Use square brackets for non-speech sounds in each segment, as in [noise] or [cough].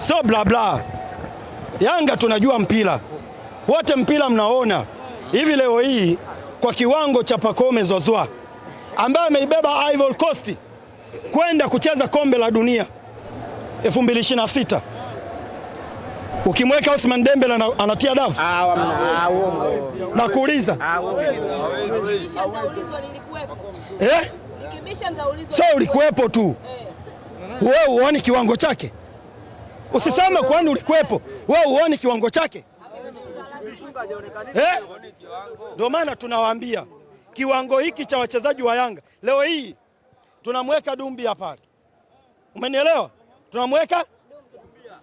sio bla bla. Yanga tunajua mpira wote, mpira mnaona hivi leo hii kwa kiwango cha Pacome Zozoa ambaye ameibeba Ivory Coast kwenda kucheza kombe la dunia 2026 ukimweka osman Dembele anatia dafu. Ah, ah, ah, Nakuuliza eh? so ulikuwepo tu eh. wewe, uone kiwango chake usiseme kwani ulikuwepo wewe, uone kiwango chake eh? ndio Maana tunawaambia kiwango hiki cha wachezaji wa Yanga leo hii tunamweka Dumbia pale, umenielewa? Tunamweka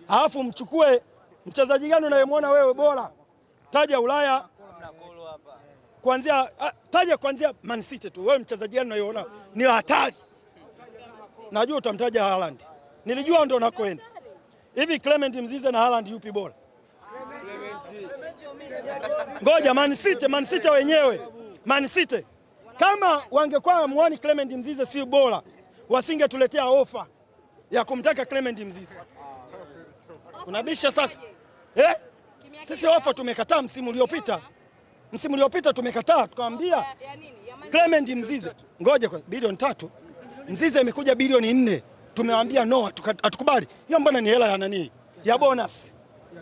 alafu mchukue mchezaji gani unayemwona wewe bora, taja Ulaya kwanzia, ah, taja kwanzia Man City tu, wewe mchezaji gani unayeona ni hatari? Najua utamtaja Haaland, nilijua ndio unakoenda. Hivi Clement Mzize na Haaland yupi bora? Ngoja Man City, Man City wenyewe, Man City kama wangekuwa wamuoni Clement Mzize si bora, wasingetuletea ofa ya kumtaka Clement Mzize. Unabisha sasa eh? Sisi ofa tumekataa msimu uliopita, msimu uliopita tumekataa, tukamwambia Clement Mzize ngoja kwa bilioni tatu, Mzize imekuja bilioni nne tumewambia no, hatukubali hiyo. Mbona ni hela ya nani, ya bonus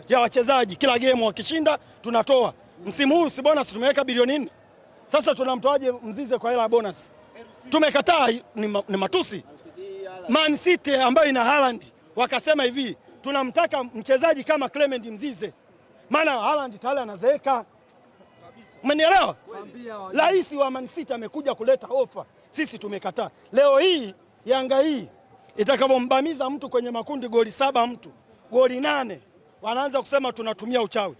ya wachezaji, kila game wakishinda tunatoa. Msimu huu si bonus tumeweka bilioni nne, sasa tunamtoaje Mzize kwa hela ya bonus? Tumekataa, ni matusi. Man City ambayo ina Haaland wakasema hivi, tunamtaka mchezaji kama Clement Mzize, maana Haaland tayari anazeeka. Umenielewa? Rais wa Man City amekuja kuleta ofa, sisi tumekataa. Leo hii Yanga hii itakavyombamiza mtu kwenye makundi goli saba mtu goli nane, wanaanza kusema tunatumia uchawi.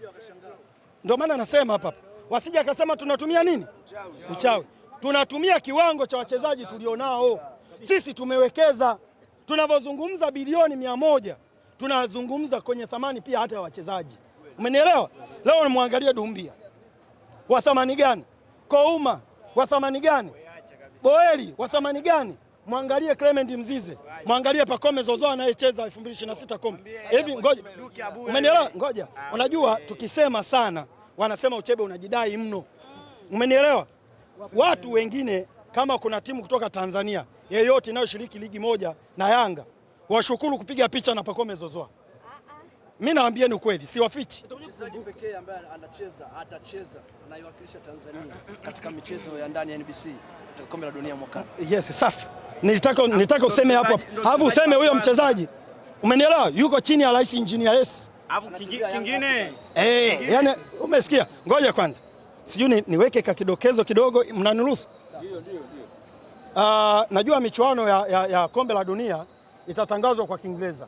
Ndio maana nasema hapa hapa wasije akasema tunatumia nini uchawi. Tunatumia kiwango cha wachezaji tulionao sisi, tumewekeza tunavyozungumza bilioni mia moja tunazungumza kwenye thamani pia hata ya wachezaji, umenielewa? Leo mwangalie Dumbia wa thamani gani, Kouma wa thamani gani, Boeli wa thamani gani mwangalie Clement Mzize, mwangalie Pacome Zozoa anayecheza 2026 kombe hivi. Ngoja, umenielewa? Ngoja, unajua tukisema sana wanasema uchebe unajidai mno, umenielewa? Watu wengine kama kuna timu kutoka Tanzania yeyote inayoshiriki ligi moja na Yanga washukuru kupiga picha na Pacome Zozoa. Mimi naambia ni ukweli, siwafichi. Mchezaji pekee ambaye anacheza atacheza anaiwakilisha Tanzania katika michezo ya ndani ya NBC katika kombe la dunia mwaka. Yes, safi nilitaka nilitaka useme hapo alafu useme huyo mchezaji, umenielewa, yuko chini ya Rais engineer Hersi. Alafu kingine eh, yani umesikia, ngoja kwanza sijui niweke ka kidokezo kidogo, mnaniruhusu? Ndio, ndio, ndio. Uh, najua michuano ya, ya, ya kombe la dunia itatangazwa kwa Kiingereza,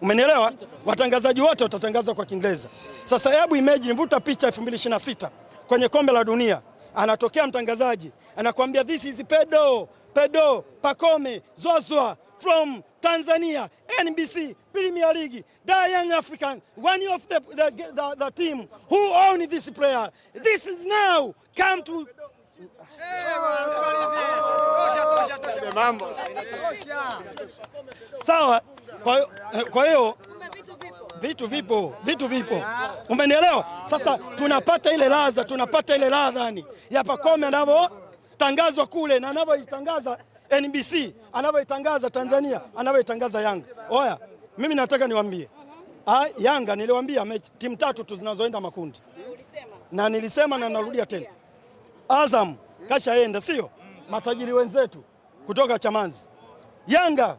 umenielewa, watangazaji wote watatangaza kwa Kiingereza. Sasa hebu imagine, vuta picha 2026 kwenye kombe la dunia, anatokea mtangazaji anakuambia this is Pedro Pedo, Pacome, Zozoa from Tanzania, NBC Premier League, the Young African, one of the, the, the, the team who own this player. This is now come to sawa. Kwa hiyo eh, vitu vipo, vitu vipo, umenielewa? Sasa tunapata ile ladha, tunapata ile ladha ni ya Pacome anavyo tangazwa kule na anavyoitangaza NBC, anavyoitangaza Tanzania, anavyoitangaza Yanga. Oya, mimi nataka niwaambie mhm. Ah, Yanga niliwaambia timu tatu tu zinazoenda makundi na nilisema na narudia tena, Azam kashaenda, sio mhm. matajiri wenzetu kutoka Chamanzi. Yanga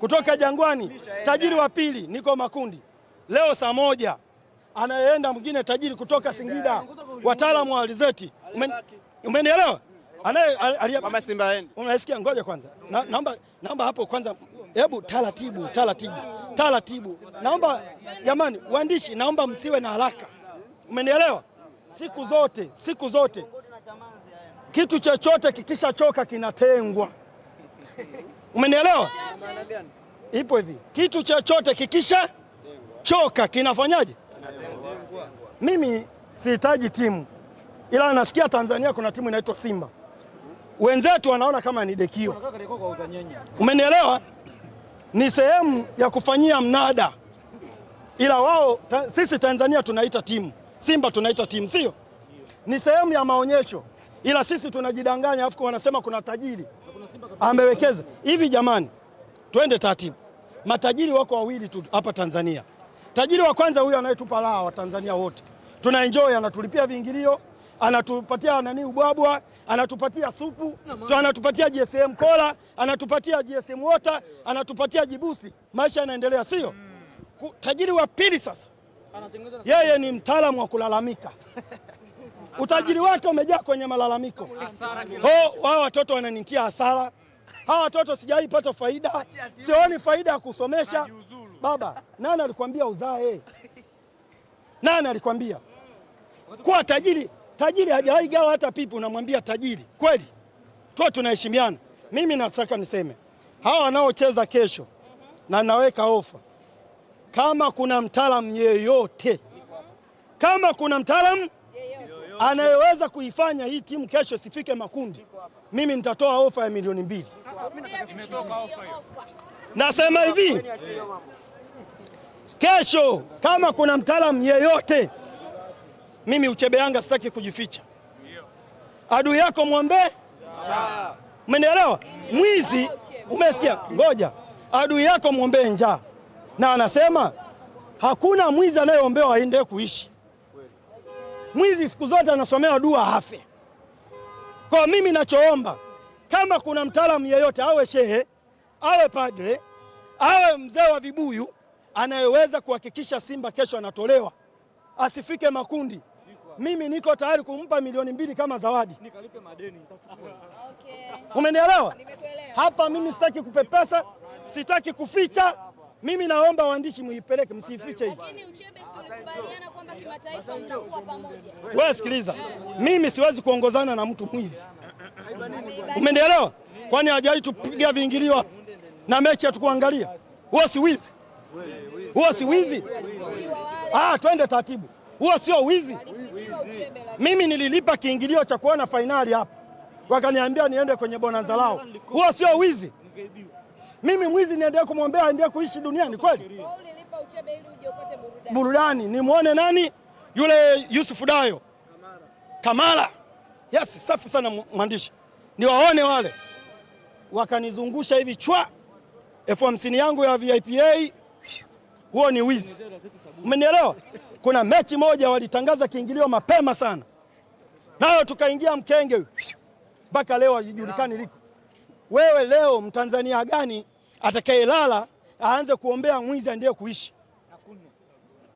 kutoka Jangwani, tajiri wa pili, niko makundi leo saa moja, anayeenda mwingine tajiri kutoka Singida, wataalamu wa alizeti. Umenielewa? Unasikia, ngoja kwanza, naomba naomba hapo kwanza, hebu taratibu taratibu taratibu, naomba jamani, waandishi, naomba msiwe na haraka, umenielewa? Siku zote siku zote kitu chochote kikisha choka kinatengwa, umenielewa? Ipo hivi, kitu chochote kikisha choka kinafanyaje? Mimi sihitaji timu, ila nasikia Tanzania kuna timu inaitwa Simba wenzetu wanaona kama ni dekio, umenielewa? Ni sehemu ya kufanyia mnada, ila wao ta, sisi Tanzania tunaita timu Simba tunaita timu, sio? Ni sehemu ya maonyesho, ila sisi tunajidanganya, afu wanasema kuna tajiri amewekeza hivi. Jamani, twende taratibu. Matajiri wako wawili tu hapa Tanzania. Tajiri wa kwanza huyo anayetupa raha wa Tanzania wote, tuna enjoy, anatulipia viingilio anatupatia nani ubwabwa, anatupatia supu, anatupatia GSM kola, anatupatia GSM water, anatupatia jibusi. Maisha yanaendelea, sio mm. Tajiri wa pili sasa yeye ni mtaalamu wa kulalamika [laughs] utajiri wake umejaa kwenye malalamiko. Oh, hawa watoto wananitia hasara, hawa watoto sijaipata faida, sioni faida ya kusomesha. Baba, nani alikwambia uzae? [laughs] Nani alikwambia hmm. kuwa tajiri? Tajiri hajawahi gawa hata pipi, unamwambia tajiri kweli? Tuwe tunaheshimiana. Mimi nataka niseme hawa wanaocheza kesho, na naweka ofa, kama kuna mtaalamu yeyote, kama kuna mtaalamu anayeweza kuifanya hii timu kesho sifike makundi, mimi nitatoa ofa ya milioni mbili. Nasema hivi, kesho kama kuna mtaalamu yeyote mimi Uchebe Yanga sitaki kujificha. Adui yako mwombee, umenielewa? Mwizi, umesikia? Ngoja, adui yako mwombee njaa, na anasema hakuna mwizi anayeombewa aende kuishi. Mwizi siku zote anasomewa dua afe. Kwa mimi nachoomba, kama kuna mtaalamu yeyote, awe shehe, awe padre, awe mzee wa vibuyu, anayeweza kuhakikisha Simba kesho anatolewa, asifike makundi mimi niko tayari kumpa milioni mbili kama zawadi. Nikalipe madeni nitachukua. Okay. Umenielewa? Hapa mimi sitaki kupepesa, sitaki kuficha. Mimi naomba waandishi muipeleke, msiifiche hivi. Wewe sikiliza, eh. mimi siwezi kuongozana na mtu mwizi. Umenielewa? Kwani hajawahi tupiga viingilio na mechi hatukuangalia? Huo si wizi? Huo si wizi? Ah, twende taratibu. Huo sio wizi. Mimi nililipa kiingilio cha kuona fainali hapa, wakaniambia niende kwenye bonanza lao. Huo sio wizi? Mimi mwizi niendee kumwombea aendee kuishi duniani kweli? Burudani nimwone nani yule Yusufu Dayo Kamara, yes, safi sana mwandishi, niwaone wale. Wakanizungusha hivi chwa, elfu hamsini yangu ya VIPA. Huo ni wizi, umenielewa? kuna mechi moja walitangaza kiingilio mapema sana, nayo tukaingia mkenge mpaka leo hajulikani liko. Wewe leo mtanzania gani atakayelala aanze kuombea mwizi ndiye kuishi?